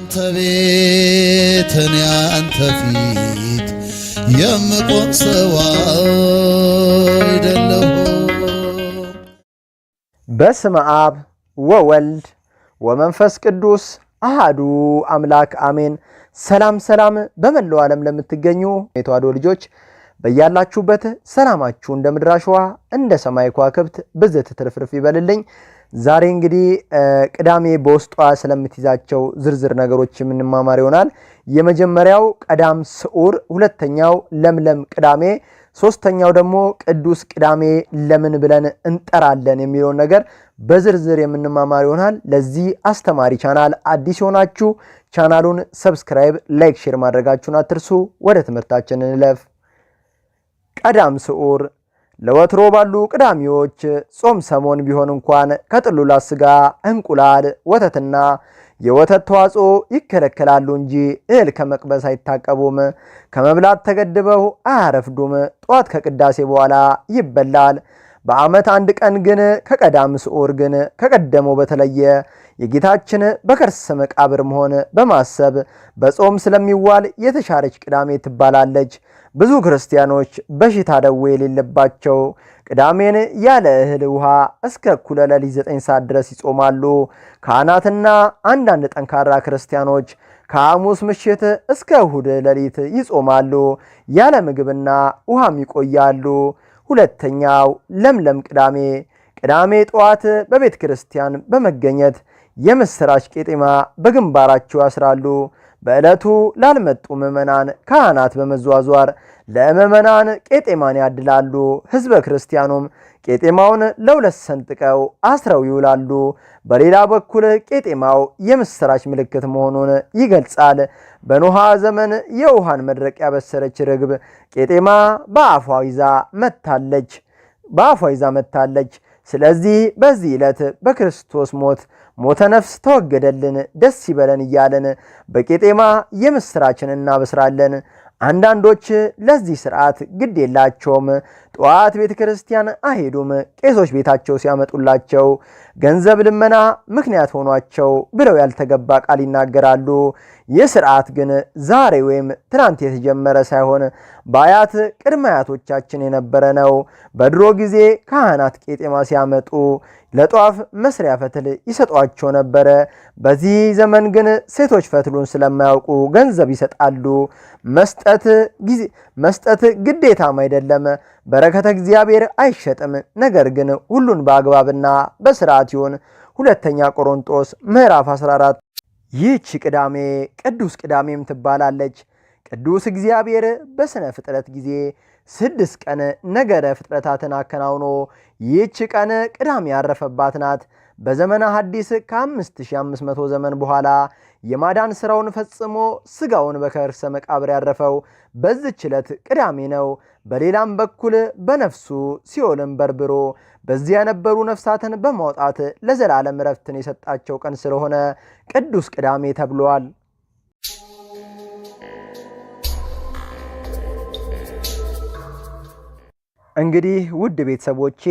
አንተ ቤት እኔ አንተ ፊት የምቆም ሰው አይደለሁ። በስመ አብ ወወልድ ወመንፈስ ቅዱስ አሃዱ አምላክ አሜን። ሰላም ሰላም፣ በመላው ዓለም ለምትገኙ የተዋሕዶ ልጆች በያላችሁበት ሰላማችሁ እንደ ምድር አሸዋ እንደ ሰማይ ከዋክብት ብዝት ትርፍርፍ ይበልልኝ። ዛሬ እንግዲህ ቅዳሜ በውስጧ ስለምትይዛቸው ዝርዝር ነገሮች የምንማማር ይሆናል። የመጀመሪያው ቀዳም ስዑር፣ ሁለተኛው ለምለም ቅዳሜ፣ ሶስተኛው ደግሞ ቅዱስ ቅዳሜ ለምን ብለን እንጠራለን የሚለውን ነገር በዝርዝር የምንማማር ይሆናል። ለዚህ አስተማሪ ቻናል አዲስ የሆናችሁ ቻናሉን ሰብስክራይብ፣ ላይክ፣ ሼር ማድረጋችሁን አትርሱ። ወደ ትምህርታችን እንለፍ። ቀዳም ስዑር ለወትሮ ባሉ ቅዳሜዎች ጾም ሰሞን ቢሆን እንኳን ከጥሉላ ስጋ፣ እንቁላል፣ ወተትና የወተት ተዋጽኦ ይከለከላሉ እንጂ እህል ከመቅበስ አይታቀቡም። ከመብላት ተገድበው አያረፍዱም። ጠዋት ከቅዳሴ በኋላ ይበላል። በዓመት አንድ ቀን ግን ከቀዳም ስዑር ግን ከቀደመው በተለየ የጌታችን በከርሰ መቃብር መሆን በማሰብ በጾም ስለሚዋል የተሻረች ቅዳሜ ትባላለች። ብዙ ክርስቲያኖች በሽታ ደዌ የሌለባቸው ቅዳሜን ያለ እህል ውሃ እስከ እኩለ ሌሊት ዘጠኝ ሰዓት ድረስ ይጾማሉ። ካህናትና አንዳንድ ጠንካራ ክርስቲያኖች ከሐሙስ ምሽት እስከ እሁድ ሌሊት ይጾማሉ። ያለ ምግብና ውሃም ይቆያሉ። ሁለተኛው ለምለም ቅዳሜ፣ ቅዳሜ ጠዋት በቤተ ክርስቲያን በመገኘት የምሥራች ቄጤማ በግንባራቸው ያስራሉ። በዕለቱ ላልመጡ ምዕመናን ካህናት በመዟዟር ለምዕመናን ቄጤማን ያድላሉ። ሕዝበ ክርስቲያኑም ቄጤማውን ለሁለት ሰንጥቀው አስረው ይውላሉ። በሌላ በኩል ቄጤማው የምሥራች ምልክት መሆኑን ይገልጻል። በኖሃ ዘመን የውሃን መድረቅ ያበሰረች ርግብ ቄጤማ በአፏ ይዛ መታለች በአፏ ይዛ መታለች። ስለዚህ በዚህ ዕለት በክርስቶስ ሞት ሞተ ነፍስ ተወገደልን፣ ደስ ይበለን እያለን በቄጤማ የምሥራችን እናበስራለን። አንዳንዶች ለዚህ ስርዓት ግድ የላቸውም። ጠዋት ቤተ ክርስቲያን አይሄዱም፣ ቄሶች ቤታቸው ሲያመጡላቸው ገንዘብ ልመና ምክንያት ሆኗቸው ብለው ያልተገባ ቃል ይናገራሉ። ይህ ስርዓት ግን ዛሬ ወይም ትናንት የተጀመረ ሳይሆን በአያት ቅድመ አያቶቻችን የነበረ ነው። በድሮ ጊዜ ካህናት ቄጤማ ሲያመጡ ለጧፍ መስሪያ ፈትል ይሰጧቸው ነበረ። በዚህ ዘመን ግን ሴቶች ፈትሉን ስለማያውቁ ገንዘብ ይሰጣሉ። መስጠት ግዴታም አይደለም። በረከተ እግዚአብሔር አይሸጥም። ነገር ግን ሁሉን በአግባብና በስርዓት ይሁን። ሁለተኛ ቆሮንጦስ ምዕራፍ 14 ይህች ቅዳሜ ቅዱስ ቅዳሜም ትባላለች። ቅዱስ እግዚአብሔር በሥነ ፍጥረት ጊዜ ስድስት ቀን ነገረ ፍጥረታትን አከናውኖ ይህች ቀን ቅዳሜ ያረፈባት ናት። በዘመነ ሐዲስ ከ5500 ዘመን በኋላ የማዳን ሥራውን ፈጽሞ ሥጋውን በከርሰ መቃብር ያረፈው በዚች ዕለት ቅዳሜ ነው። በሌላም በኩል በነፍሱ ሲኦልን በርብሮ በዚያ የነበሩ ነፍሳትን በማውጣት ለዘላለም እረፍትን የሰጣቸው ቀን ስለሆነ ቅዱስ ቅዳሜ ተብሏል። እንግዲህ ውድ ቤተሰቦቼ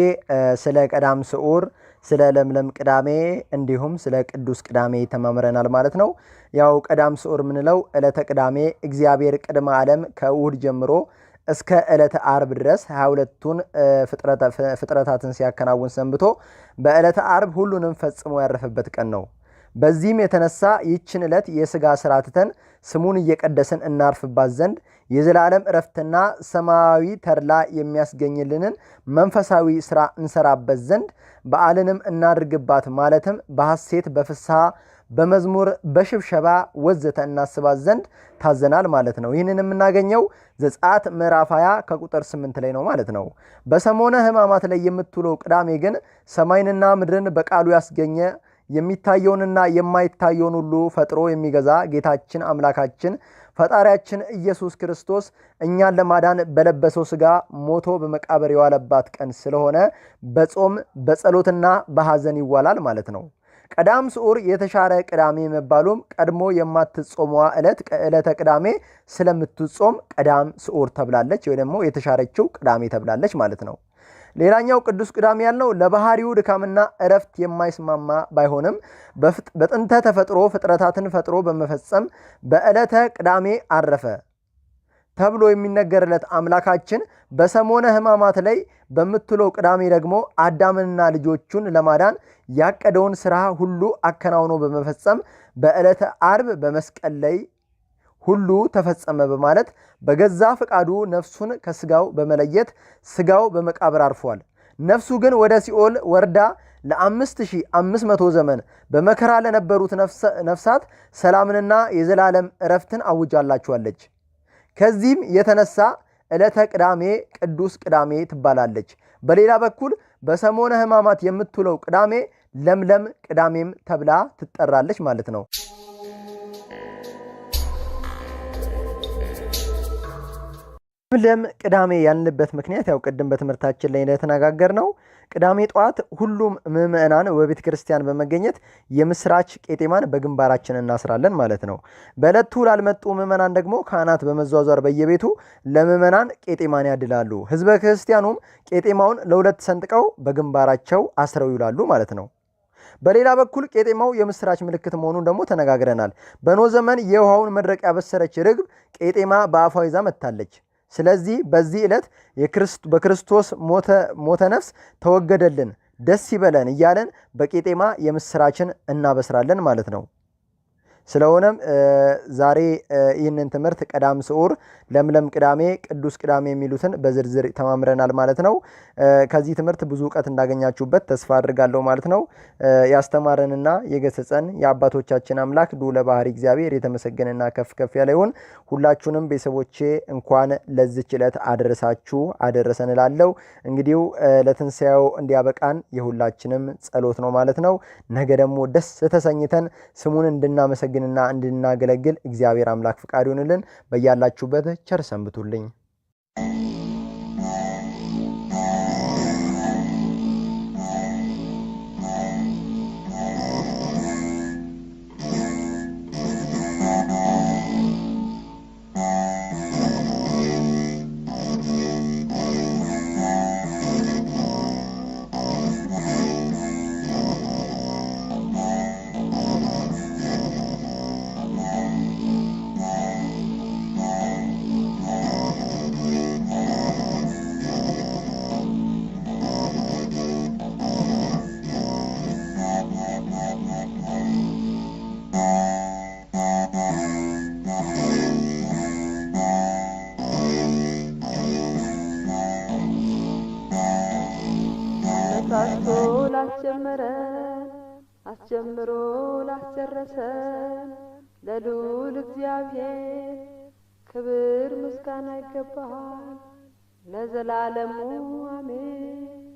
ስለ ቀዳም ስዑር ስለ ለምለም ቅዳሜ እንዲሁም ስለ ቅዱስ ቅዳሜ ተማምረናል ማለት ነው። ያው ቀዳም ስዑር የምንለው ዕለተ ቅዳሜ እግዚአብሔር ቅድመ ዓለም ከእሁድ ጀምሮ እስከ ዕለተ አርብ ድረስ 22ቱን ፍጥረታትን ሲያከናውን ሰንብቶ በዕለተ አርብ ሁሉንም ፈጽሞ ያረፈበት ቀን ነው። በዚህም የተነሳ ይችን ዕለት የሥጋ ሥራ ትተን ስሙን እየቀደስን እናርፍባት ዘንድ የዘላለም እረፍትና ሰማያዊ ተድላ የሚያስገኝልንን መንፈሳዊ ሥራ እንሰራበት ዘንድ በዓልንም እናድርግባት ማለትም በሐሴት፣ በፍስሐ፣ በመዝሙር፣ በሽብሸባ ወዘተ እናስባት ዘንድ ታዘናል ማለት ነው። ይህንን የምናገኘው ዘጸአት ምዕራፍ 20 ከቁጥር 8 ላይ ነው ማለት ነው። በሰሞነ ሕማማት ላይ የምትውለው ቅዳሜ ግን ሰማይንና ምድርን በቃሉ ያስገኘ የሚታየውንና የማይታየውን ሁሉ ፈጥሮ የሚገዛ ጌታችን አምላካችን ፈጣሪያችን ኢየሱስ ክርስቶስ እኛን ለማዳን በለበሰው ሥጋ ሞቶ በመቃብር የዋለባት ቀን ስለሆነ በጾም በጸሎትና በሐዘን ይዋላል ማለት ነው። ቀዳም ስዑር የተሻረ ቅዳሜ መባሉም ቀድሞ የማትጾመዋ ዕለት ዕለተ ቅዳሜ ስለምትጾም ቀዳም ስዑር ተብላለች፣ ወይ ደግሞ የተሻረችው ቅዳሜ ተብላለች ማለት ነው። ሌላኛው ቅዱስ ቅዳሜ ያለው ለባህሪው ድካምና እረፍት የማይስማማ ባይሆንም በጥንተ ተፈጥሮ ፍጥረታትን ፈጥሮ በመፈጸም በዕለተ ቅዳሜ አረፈ ተብሎ የሚነገርለት አምላካችን በሰሞነ ሕማማት ላይ በምትለው ቅዳሜ ደግሞ አዳምንና ልጆቹን ለማዳን ያቀደውን ስራ ሁሉ አከናውኖ በመፈጸም በዕለተ አርብ በመስቀል ላይ ሁሉ ተፈጸመ በማለት በገዛ ፈቃዱ ነፍሱን ከስጋው በመለየት ስጋው በመቃብር አርፏል። ነፍሱ ግን ወደ ሲኦል ወርዳ ለ5500 ዘመን በመከራ ለነበሩት ነፍሳት ሰላምንና የዘላለም እረፍትን አውጃላችኋለች። ከዚህም የተነሳ ዕለተ ቅዳሜ ቅዱስ ቅዳሜ ትባላለች። በሌላ በኩል በሰሞነ ሕማማት የምትውለው ቅዳሜ ለምለም ቅዳሜም ተብላ ትጠራለች ማለት ነው። ለምለም ቅዳሜ ያልንበት ምክንያት ያው ቅድም በትምህርታችን ላይ እንደተነጋገር ነው። ቅዳሜ ጠዋት ሁሉም ምዕመናን በቤተ ክርስቲያን በመገኘት የምስራች ቄጤማን በግንባራችን እናስራለን ማለት ነው። በዕለቱ ላልመጡ ምዕመናን ደግሞ ካህናት በመዟዟር በየቤቱ ለምዕመናን ቄጤማን ያድላሉ። ህዝበ ክርስቲያኑም ቄጤማውን ለሁለት ሰንጥቀው በግንባራቸው አስረው ይውላሉ ማለት ነው። በሌላ በኩል ቄጤማው የምስራች ምልክት መሆኑን ደግሞ ተነጋግረናል። በኖ ዘመን የውሃውን መድረቅ ያበሰረች ርግብ ቄጤማ በአፏ ይዛ መጥታለች። ስለዚህ በዚህ ዕለት በክርስቶስ ሞተ ነፍስ ተወገደልን፣ ደስ ይበለን እያለን በቄጤማ የምስራችን እናበስራለን ማለት ነው። ስለሆነም ዛሬ ይህንን ትምህርት ቀዳም ስዑር፣ ለምለም ቅዳሜ፣ ቅዱስ ቅዳሜ የሚሉትን በዝርዝር ተማምረናል ማለት ነው። ከዚህ ትምህርት ብዙ እውቀት እንዳገኛችሁበት ተስፋ አድርጋለሁ ማለት ነው። ያስተማረንና የገሰጸን የአባቶቻችን አምላክ ልዑለ ባህሪ እግዚአብሔር የተመሰገነና ከፍ ከፍ ያለ ይሁን። ሁላችሁንም ቤተሰቦቼ እንኳን ለዚች ዕለት አደረሳችሁ አደረሰን እላለሁ። እንግዲሁ ለትንሣኤው እንዲያበቃን የሁላችንም ጸሎት ነው ማለት ነው። ነገ ደግሞ ደስ ተሰኝተን ስሙን እንድናመሰግን እንድናመሰግንና እንድናገለግል እግዚአብሔር አምላክ ፍቃድ ይሆንልን። በያላችሁበት ቸር ሰንብቱልኝ። አልፎ ላስጀመረን አስጀምሮ ላስጨረሰን ለልዑል እግዚአብሔር ክብር ምስጋና ይገባል ለዘላለሙ አሜን።